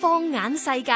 放眼世界，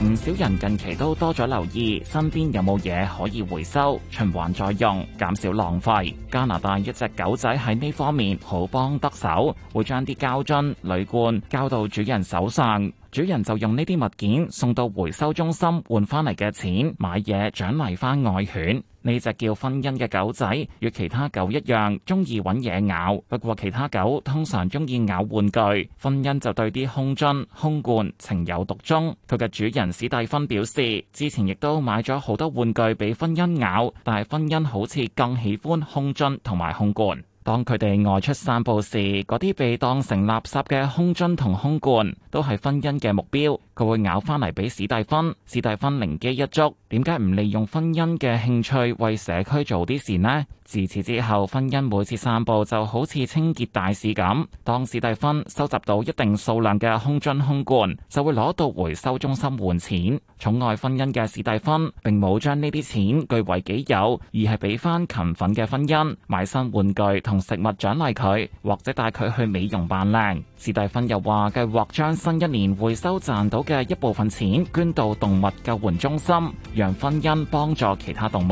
唔少人近期都多咗留意身邊有冇嘢可以回收、循環再用，減少浪費。加拿大一隻狗仔喺呢方面好幫得手，會將啲膠樽、鋁罐交到主人手上。主人就用呢啲物件送到回收中心換翻嚟嘅錢買嘢獎勵翻愛犬。呢隻叫婚姻嘅狗仔與其他狗一樣中意揾嘢咬，不過其他狗通常中意咬玩具，婚姻就對啲空樽、空罐情有獨鍾。佢嘅主人史蒂芬表示，之前亦都買咗好多玩具俾婚姻咬，但係婚姻好似更喜歡空樽同埋空罐。當佢哋外出散步時，啲被當成垃圾嘅空樽同空罐，都係婚姻嘅目標。佢會咬翻嚟俾史蒂芬，史蒂芬靈機一觸，點解唔利用婚姻嘅興趣為社區做啲事呢？自此之後，婚姻每次散步就好似清潔大使咁。當史蒂芬收集到一定數量嘅空樽空罐，就會攞到回收中心換錢。寵愛婚姻嘅史蒂芬並冇將呢啲錢據為己有，而係俾翻勤奮嘅婚姻買新玩具同食物獎勵佢，或者帶佢去美容扮靚。史蒂芬又話計劃將新一年回收賺到嘅一部分錢捐到動物救援中心，讓婚姻幫助其他動物。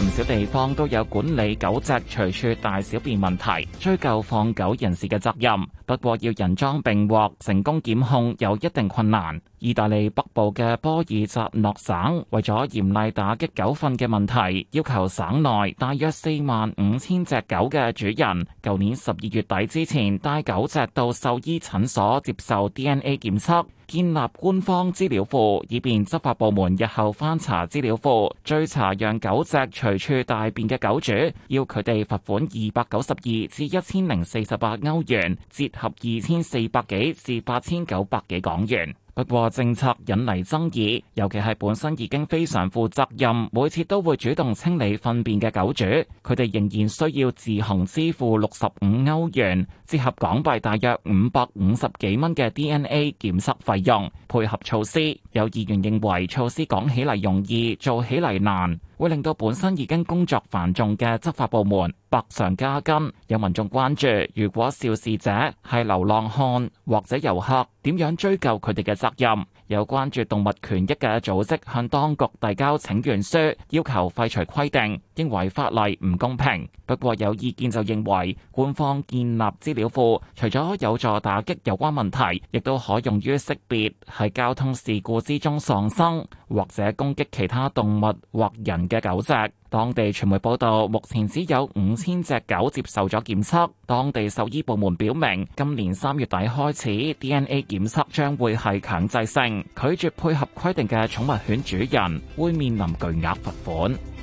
唔少地方都有管理狗隻隨處大小便問題，追究放狗人士嘅責任。不過要人贓並獲成功檢控有一定困難。意大利北部嘅波爾扎諾省為咗嚴厲打擊狗糞嘅問題，要求省內大約四萬五千隻狗嘅主人，舊年十二月底之前帶狗隻到獸醫診所接受 DNA 檢測，建立官方資料庫，以便執法部門日後翻查資料庫追查讓狗隻隨處大便嘅狗主，要佢哋罰款二百九十二至一千零四十八歐元至。合二千四百幾至八千九百幾港元。不過政策引嚟爭議，尤其係本身已經非常負責任，每次都會主動清理糞便嘅狗主，佢哋仍然需要自行支付六十五歐元，折合港幣大約五百五十幾蚊嘅 DNA 檢測費用。配合措施，有議員認為措施講起嚟容易，做起嚟難，會令到本身已經工作繁重嘅執法部門百上加斤，有民眾關注，如果肇事者係流浪漢或者遊客，點樣追究佢哋嘅責任？有關注動物權益嘅組織向當局遞交請願書，要求廢除規定。認為法例唔公平，不過有意見就認為官方建立資料庫，除咗有助打擊有關問題，亦都可用於識別喺交通事故之中喪生或者攻擊其他動物或人嘅狗隻。當地傳媒報道，目前只有五千隻狗接受咗檢測。當地獸醫部門表明，今年三月底開始，DNA 檢測將會係強制性，拒絕配合規定嘅寵物犬主人會面臨巨額罰款。